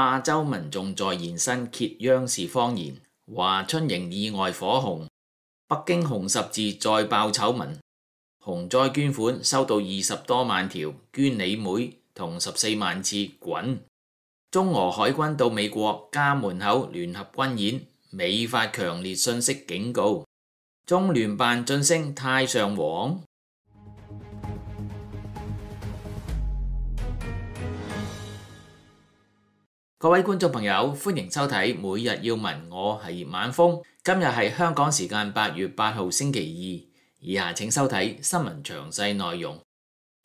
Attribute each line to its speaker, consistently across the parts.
Speaker 1: 霸州民眾現身揭央視謊言，華春瑩意外火紅，北京紅十字再爆醜聞，洪災捐款收到二十多萬條，捐你妹同十四萬次滾。中俄海軍到美國家門口聯合軍演，美發強烈信息警告。中聯辦晉升太上皇？各位觀眾朋友，歡迎收睇《每日要聞》，我係葉晚風。今日係香港時間八月八號星期二，以下請收睇新聞詳細內容。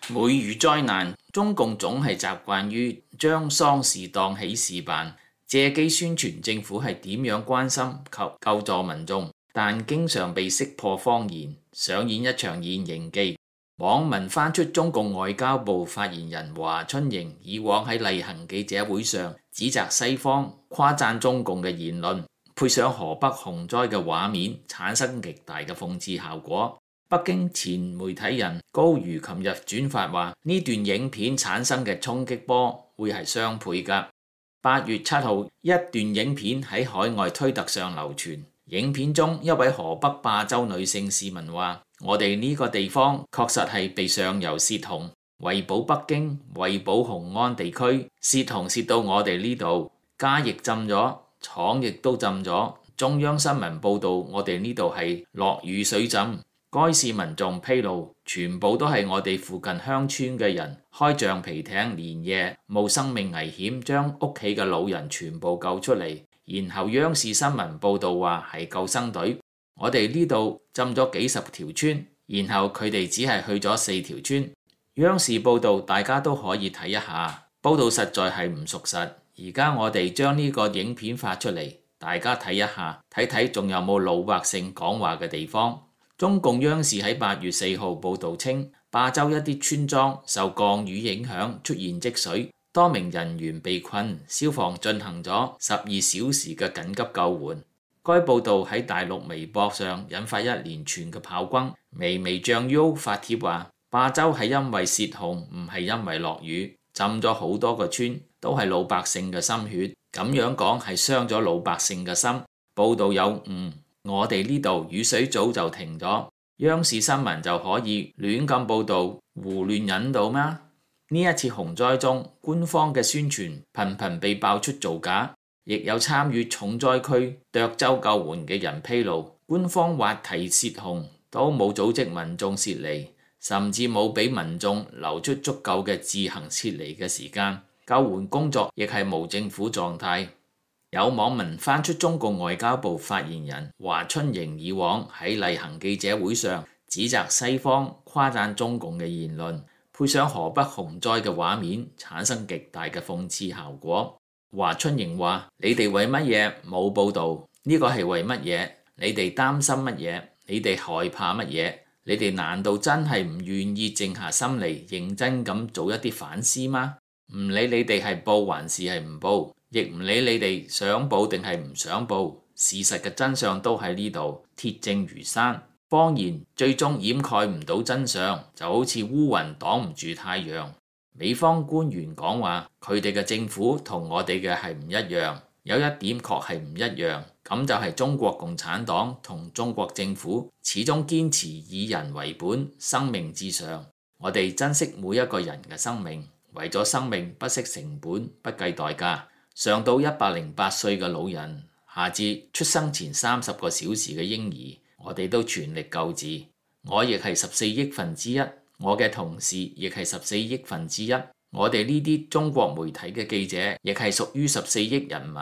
Speaker 1: 每遇災難，中共總係習慣於將喪事當喜事辦，借機宣傳政府係點樣關心及救助民眾，但經常被識破謊言，上演一場現形記。網民翻出中共外交部發言人華春瑩以往喺例行記者會上指責西方誇讚中共嘅言論，配上河北洪災嘅畫面，產生極大嘅諷刺效果。北京前媒體人高瑜琴日轉發話呢段影片產生嘅衝擊波會係雙倍噶。八月七號，一段影片喺海外推特上流傳，影片中一位河北霸州女性市民話。我哋呢個地方確實係被上游泄洪，為保北京、為保雄安地區泄洪泄到我哋呢度，家亦浸咗，廠亦都浸咗。中央新聞報道，我哋呢度係落雨水浸。該市民仲披露，全部都係我哋附近鄉村嘅人開橡皮艇，連夜冇生命危險將屋企嘅老人全部救出嚟。然後央視新聞報道話係救生隊。我哋呢度浸咗幾十條村，然後佢哋只係去咗四條村。央視報道，大家都可以睇一下，報道實在係唔屬實。而家我哋將呢個影片發出嚟，大家睇一下，睇睇仲有冇老百姓講話嘅地方。中共央視喺八月四號報道稱，霸州一啲村莊受降雨影響出現積水，多名人員被困，消防進行咗十二小時嘅緊急救援。該報道喺大陸微博上引發一連串嘅炮轟，微微醬 U 發帖話：霸州係因為泄洪，唔係因為落雨，浸咗好多個村，都係老百姓嘅心血，咁樣講係傷咗老百姓嘅心。報道有誤，嗯，我哋呢度雨水早就停咗，央視新聞就可以亂咁報道、胡亂引導嗎？呢一次洪災中，官方嘅宣傳頻頻被爆出造假。亦有參與重災區霸州救援嘅人披露，官方話題洩洪都冇組織民眾撤離，甚至冇俾民眾留出足夠嘅自行撤離嘅時間。救援工作亦係無政府狀態。有網民翻出中共外交部發言人華春瑩以往喺例行記者會上指責西方、誇讚中共嘅言論，配上河北洪災嘅畫面，產生極大嘅諷刺效果。華春瑩話：你哋為乜嘢冇報道？呢個係為乜嘢？你哋擔心乜嘢？你哋害怕乜嘢？你哋難道真係唔願意靜下心嚟認真咁做一啲反思嗎？唔理你哋係報還是係唔報，亦唔理你哋想報定係唔想報，事實嘅真相都喺呢度，鐵證如山。當然，最終掩蓋唔到真相，就好似烏雲擋唔住太陽。美方官員講話，佢哋嘅政府同我哋嘅係唔一樣。有一點確係唔一樣，咁就係中國共產黨同中國政府始終堅持以人為本、生命至上。我哋珍惜每一個人嘅生命，為咗生命不惜成本、不計代價。上到一百零八歲嘅老人，下至出生前三十個小時嘅嬰兒，我哋都全力救治。我亦係十四億分之一。我嘅同事亦係十四億分之一，我哋呢啲中國媒體嘅記者亦係屬於十四億人民。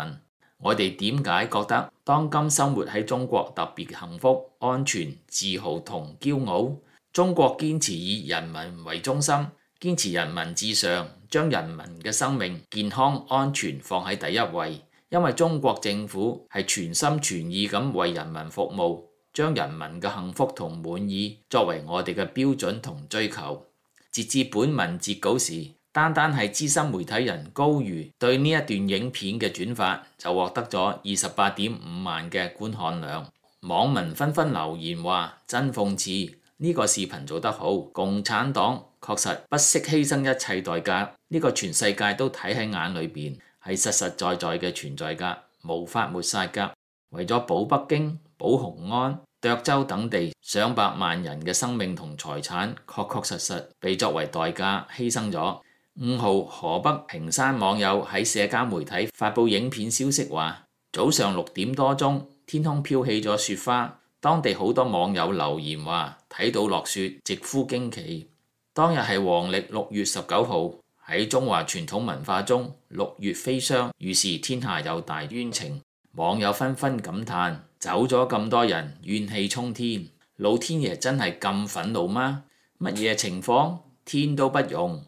Speaker 1: 我哋點解覺得當今生活喺中國特別幸福、安全、自豪同驕傲？中國堅持以人民為中心，堅持人民至上，將人民嘅生命、健康、安全放喺第一位。因為中國政府係全心全意咁為人民服務。將人民嘅幸福同滿意作為我哋嘅標準同追求。截至本文截稿時，單單係資深媒體人高瑜對呢一段影片嘅轉發就獲得咗二十八點五萬嘅觀看量，網民紛紛留言話：真諷刺，呢個視頻做得好，共產黨確實不惜犧牲一切代價，呢個全世界都睇喺眼裏邊，係實實在在嘅存在噶，無法抹殺噶，為咗保北京。保雄安、涿州等地上百萬人嘅生命同財產確確實實被作為代價犧牲咗。五號河北平山網友喺社交媒體發布影片消息話早上六點多鐘天空飄起咗雪花，當地好多網友留言話睇到落雪，直呼驚奇。當日係黃歷六月十九號，喺中華傳統文化中，六月飛霜，於是天下有大冤情。網友紛紛感嘆。走咗咁多人，怨氣沖天。老天爺真係咁憤怒嗎？乜嘢情況？天都不容。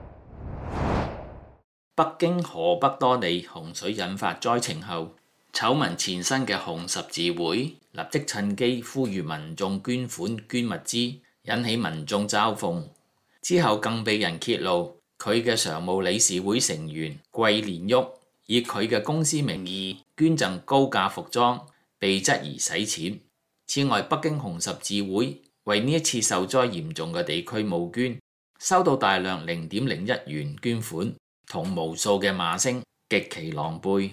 Speaker 1: 北京河北多地洪水引發災情後，醜聞纏身嘅紅十字會立即趁機呼籲民眾捐款捐物資，引起民眾嘲諷。之後更被人揭露，佢嘅常務理事會成員桂連旭以佢嘅公司名義，捐贈高價服裝被質疑洗錢。此外，北京紅十字會為呢一次受災嚴重嘅地區募捐，收到大量零點零一元捐款同無數嘅罵聲，極其狼狽。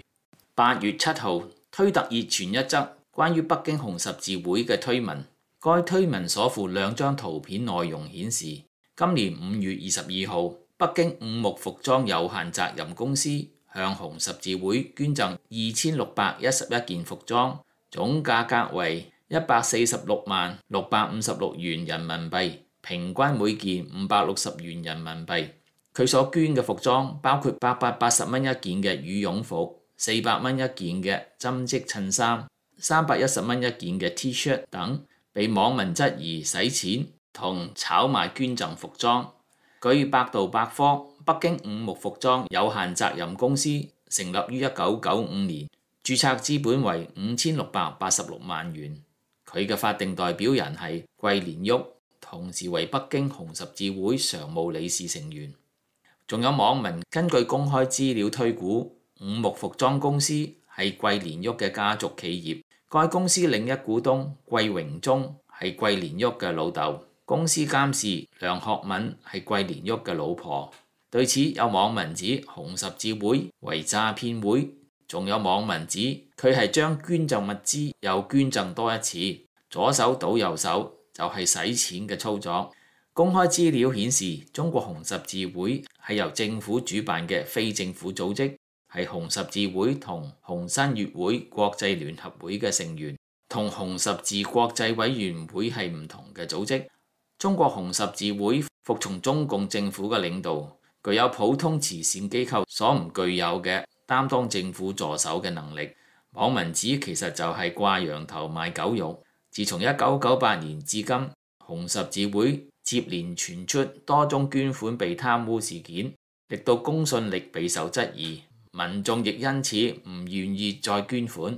Speaker 1: 八月七號，推特熱傳一則關於北京紅十字會嘅推文，該推文所附兩張圖片內容顯示，今年五月二十二號，北京五牧服裝有限責任公司。向紅十字會捐贈二千六百一十一件服裝，總價格為一百四十六萬六百五十六元人民幣，平均每件五百六十元人民幣。佢所捐嘅服裝包括八百八十蚊一件嘅羽絨服、四百蚊一件嘅針織襯衫、三百一十蚊一件嘅 T 恤等，被網民質疑洗錢同炒賣捐贈服裝。據百度百科。北京五木服裝有限責任公司成立於一九九五年，註冊資本為五千六百八十六萬元。佢嘅法定代表人係桂蓮旭，同時為北京紅十字會常務理事成員。仲有網民根據公開資料推估，五木服裝公司係桂蓮旭嘅家族企業。該公司另一股東桂榮忠係桂蓮旭嘅老豆，公司監事梁學敏係桂蓮旭嘅老婆。對此有網民指紅十字會為詐騙會，仲有網民指佢係將捐贈物資又捐贈多一次，左手倒右手就係洗錢嘅操作。公開資料顯示，中國紅十字會係由政府主辦嘅非政府組織，係紅十字會同紅新月會國際聯合會嘅成員，同紅十字國際委員會係唔同嘅組織。中國紅十字會服從中共政府嘅領導。具有普通慈善機構所唔具有嘅擔當政府助手嘅能力。網民指其實就係掛羊頭賣狗肉。自從一九九八年至今，紅十字會接連傳出多宗捐款被貪污事件，令到公信力備受質疑，民眾亦因此唔願意再捐款。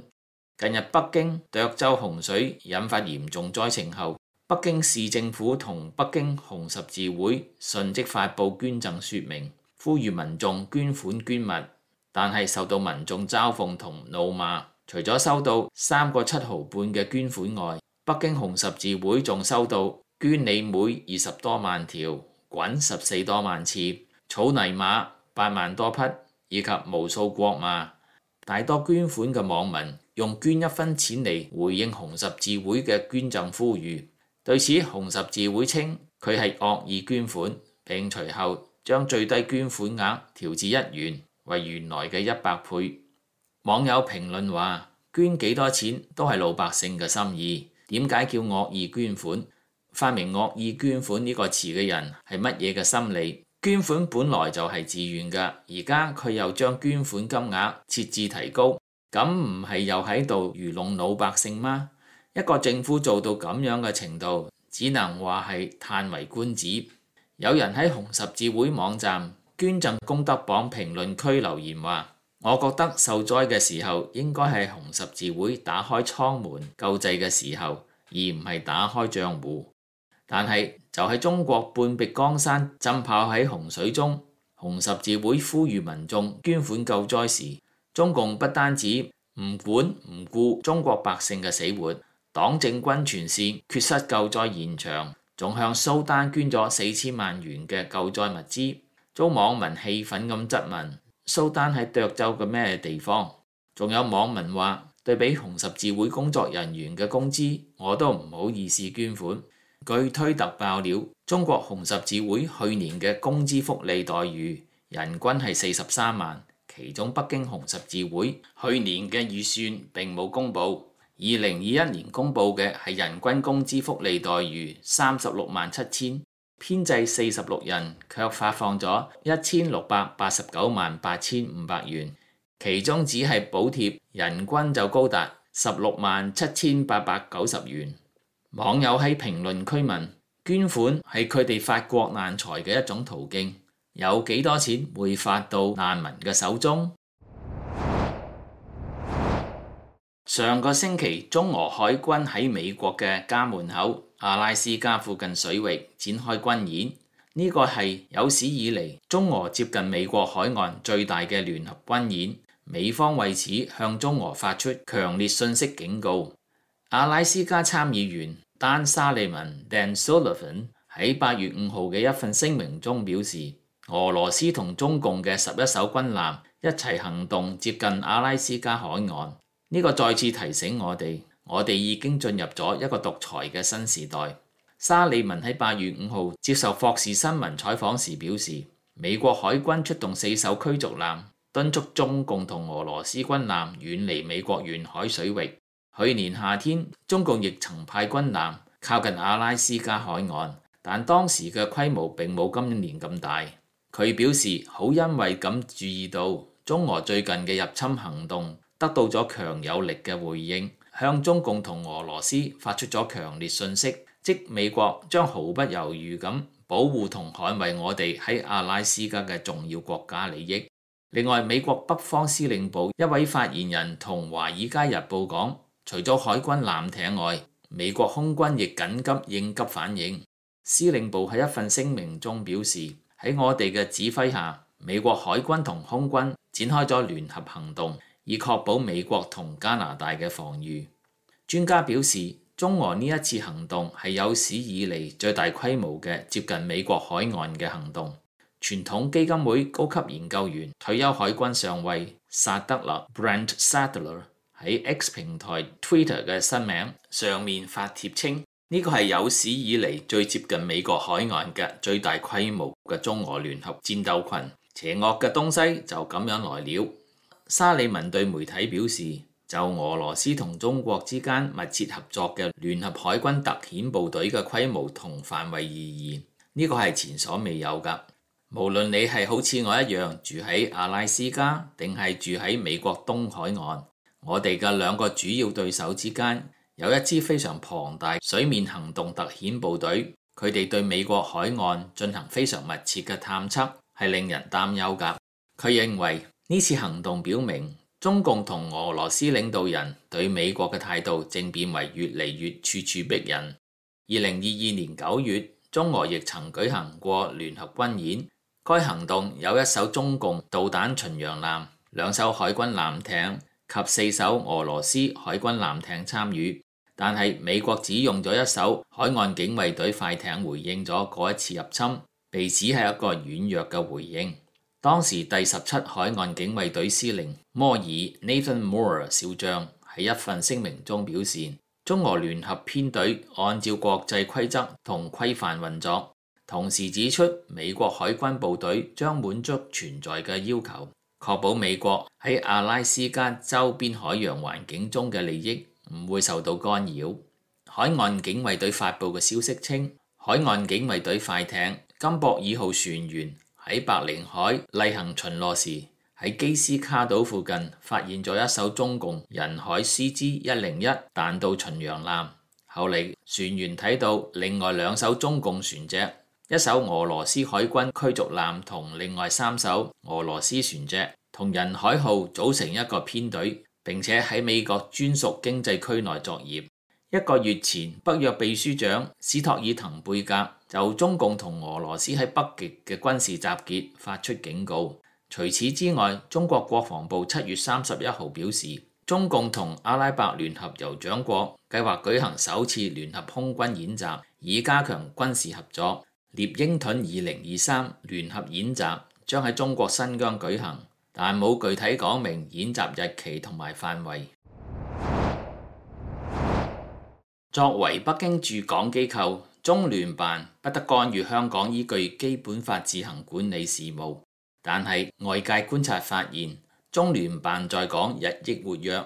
Speaker 1: 近日北京涿州洪水引發嚴重災情後。北京市政府同北京紅十字會順即發布捐贈説明，呼籲民眾捐款捐物，但係受到民眾嘲諷同怒罵。除咗收到三個七毫半嘅捐款外，北京紅十字會仲收到捐你妹二十多萬條，滾十四多萬次，草泥馬八萬多匹，以及無數國罵。大多捐款嘅網民用捐一分錢嚟回應紅十字會嘅捐贈呼籲。對此，紅十字會稱佢係惡意捐款，並隨後將最低捐款額調至一元，為原來嘅一百倍。網友評論話：捐幾多錢都係老百姓嘅心意，點解叫惡意捐款？發明惡意捐款呢個詞嘅人係乜嘢嘅心理？捐款本來就係自願噶，而家佢又將捐款金額設置提高，咁唔係又喺度愚弄老百姓嗎？一個政府做到咁樣嘅程度，只能話係嘆為觀止。有人喺紅十字會網站捐贈功德榜評論區留言話：「我覺得受災嘅時候應該係紅十字會打開倉門救濟嘅時候，而唔係打開賬戶。但係就喺、是、中國半壁江山浸泡喺洪水中，紅十字會呼籲民眾捐款救災時，中共不單止唔管唔顧中國百姓嘅死活。黨政軍全線缺失救災現場，仲向蘇丹捐咗四千萬元嘅救災物資，遭網民氣憤咁質問：蘇丹喺涿州嘅咩地方？仲有網民話對比紅十字會工作人員嘅工資，我都唔好意思捐款。據推特爆料，中國紅十字會去年嘅工資福利待遇人均係四十三萬，其中北京紅十字會去年嘅預算並冇公布。二零二一年公布嘅係人均工資福利待遇三十六萬七千，編制四十六人，卻發放咗一千六百八十九萬八千五百元，其中只係補貼，人均就高達十六萬七千八百九十元。網友喺評論區問：捐款係佢哋發國難財嘅一種途徑，有幾多錢會發到難民嘅手中？上個星期，中俄海軍喺美國嘅家門口阿拉斯加附近水域展開軍演，呢個係有史以嚟中俄接近美國海岸最大嘅聯合軍演。美方為此向中俄發出強烈信息警告。阿拉斯加參議員丹沙利文 （Dan Sullivan） 喺八月五號嘅一份聲明中表示，俄羅斯同中共嘅十一艘軍艦一齊行動，接近阿拉斯加海岸。呢個再次提醒我哋，我哋已經進入咗一個獨裁嘅新時代。沙利文喺八月五號接受霍士新聞採訪時表示，美國海軍出動四艘驅逐艦敦促中共同俄羅斯軍艦遠離美國沿海水域。去年夏天，中共亦曾派軍艦靠近阿拉斯加海岸，但當時嘅規模並冇今年咁大。佢表示好欣慰咁注意到中俄最近嘅入侵行動。得到咗強有力嘅回應，向中共同俄羅斯發出咗強烈信息，即美國將毫不猶豫咁保護同捍衛我哋喺阿拉斯加嘅重要國家利益。另外，美國北方司令部一位發言人同《華爾街日報》講，除咗海軍艦艇外，美國空軍亦緊急應急反應。司令部喺一份聲明中表示，喺我哋嘅指揮下，美國海軍同空軍展開咗聯合行動。以確保美國同加拿大嘅防禦。專家表示，中俄呢一次行動係有史以嚟最大規模嘅接近美國海岸嘅行動。傳統基金會高級研究員退休海軍上尉薩德勒 b r e n t Sadler） 喺 X 平台 （Twitter） 嘅新名上面發帖稱：呢、這個係有史以嚟最接近美國海岸嘅最大規模嘅中俄聯合戰鬥群，邪惡嘅東西就咁樣來了。沙利文對媒體表示，就俄羅斯同中國之間密切合作嘅聯合海軍特遣部隊嘅規模同範圍而言，呢個係前所未有噶。無論你係好似我一樣住喺阿拉斯加，定係住喺美國東海岸，我哋嘅兩個主要對手之間有一支非常龐大水面行動特遣部隊，佢哋對美國海岸進行非常密切嘅探測，係令人擔憂噶。佢認為。呢次行動表明，中共同俄羅斯領導人對美國嘅態度正變為越嚟越處處逼人。二零二二年九月，中俄亦曾舉行過聯合軍演，該行動有一艘中共導彈巡洋艦、兩艘海軍艦艇及四艘俄羅斯海軍艦艇參與，但係美國只用咗一艘海岸警衛隊快艇回應咗嗰一次入侵，被指係一個軟弱嘅回應。當時第十七海岸警衛隊司令摩爾 Nathan Moore 少將喺一份聲明中表示，中俄聯合編隊按照國際規則同規範運作，同時指出美國海軍部隊將滿足存在嘅要求，確保美國喺阿拉斯加周邊海洋環境中嘅利益唔會受到干擾。海岸警衛隊發布嘅消息稱，海岸警衛隊快艇金博爾號船員，喺白令海例行巡邏時，喺基斯卡島附近發現咗一艘中共人海 CG 一零一彈道巡洋艦。後嚟船員睇到另外兩艘中共船隻，一艘俄羅斯海軍驅逐艦同另外三艘俄羅斯船隻同人海號組成一個編隊，並且喺美國專屬經濟區內作業。一個月前，北約秘書長史托爾滕貝格。就中共同俄羅斯喺北極嘅軍事集結發出警告。除此之外，中國國防部七月三十一號表示，中共同阿拉伯聯合酋長國計劃舉行首次聯合空軍演習，以加強軍事合作。獵鷹盾二零二三聯合演習將喺中國新疆舉行，但冇具體講明演習日期同埋範圍。作為北京駐港機構。中聯辦不得干預香港依據基本法自行管理事務，但係外界觀察發現，中聯辦在港日益活躍，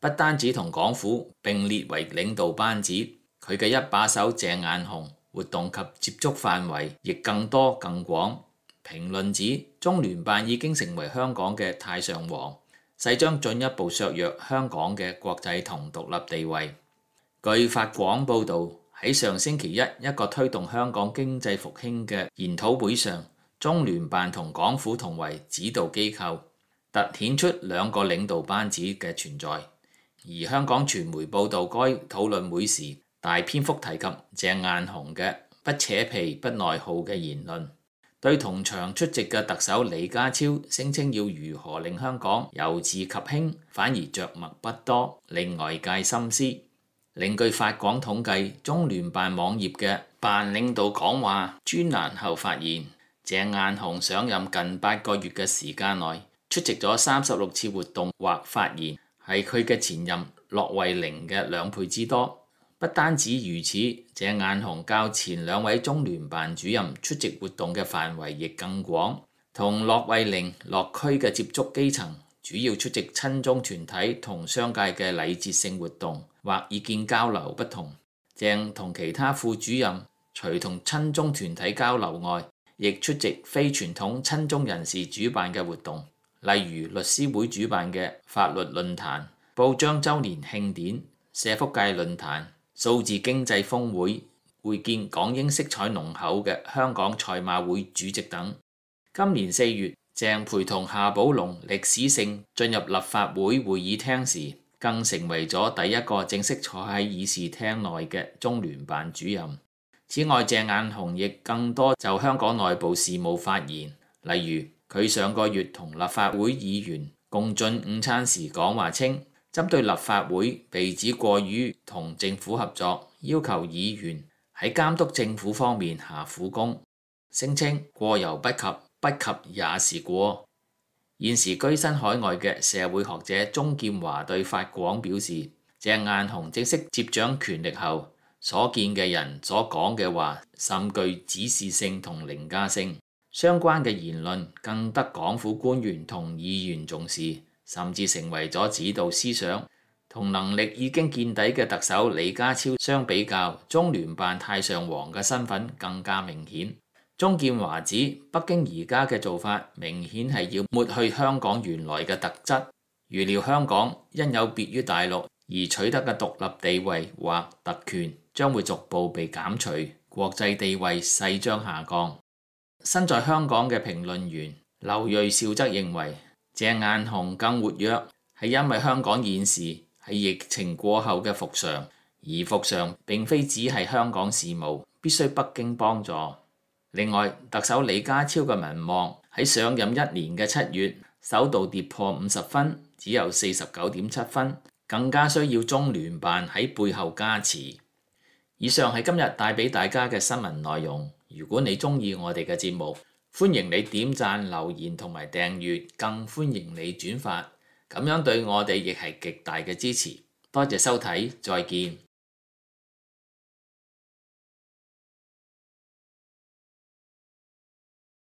Speaker 1: 不單止同港府並列為領導班子，佢嘅一把手鄭雁雄活動及接觸範圍亦更多更廣。評論指中聯辦已經成為香港嘅太上皇，勢將進一步削弱香港嘅國際同獨立地位。據法廣報道。喺上星期一，一個推動香港經濟復興嘅研討會上，中聯辦同港府同為指導機構，突顯出兩個領導班子嘅存在。而香港傳媒報道該討論會時，大篇幅提及鄭雁雄嘅不扯皮、不內耗嘅言論，對同場出席嘅特首李家超聲稱要如何令香港由治及興，反而着墨不多，令外界深思。另據法廣統計，中聯辦網頁嘅辦領導講話專欄後發現，鄭雁雄上任近八個月嘅時間內，出席咗三十六次活動或發言，係佢嘅前任駱惠寧嘅兩倍之多。不單止如此，鄭雁雄較前兩位中聯辦主任出席活動嘅範圍亦更廣，同駱惠寧、落區嘅接觸基層，主要出席親中團體同商界嘅禮節性活動或意見交流不同，鄭同其他副主任除同親中團體交流外，亦出席非傳統親中人士主辦嘅活動，例如律師會主辦嘅法律論壇、報章周年慶典、社福界論壇、數字經濟峰會，會見港英色彩濃厚嘅香港賽馬會主席等。今年四月，鄭陪同夏寶龍歷史性進入立法會會議廳時，更成為咗第一個正式坐喺議事廳內嘅中聯辦主任。此外，鄭雁雄亦更多就香港內部事務發言，例如佢上個月同立法會議員共進午餐時講話稱，稱針對立法會被指過於同政府合作，要求議員喺監督政府方面下苦功，聲稱過猶不及。不及也是過。現時居身海外嘅社會學者鍾劍華對法廣表示，鄭雁雄正式接掌權力後，所見嘅人、所講嘅話，甚具指示性同凌駕性。相關嘅言論更得港府官員同議員重視，甚至成為咗指導思想。同能力已經見底嘅特首李家超相比較，中聯辦太上皇嘅身份更加明顯。鍾建華指，北京而家嘅做法明顯係要抹去香港原來嘅特質。預料香港因有別於大陸而取得嘅獨立地位或特權，將會逐步被減除，國際地位勢將下降。身在香港嘅評論員劉瑞兆則認為，鄭雁雄更活躍係因為香港現時係疫情過後嘅復常，而復常並非只係香港事務，必須北京幫助。另外，特首李家超嘅民望喺上任一年嘅七月，首度跌破五十分，只有四十九點七分，更加需要中聯辦喺背後加持。以上係今日帶俾大家嘅新聞內容。如果你中意我哋嘅節目，歡迎你點讚、留言同埋訂閱，更歡迎你轉發，咁樣對我哋亦係極大嘅支持。多謝收睇，再見。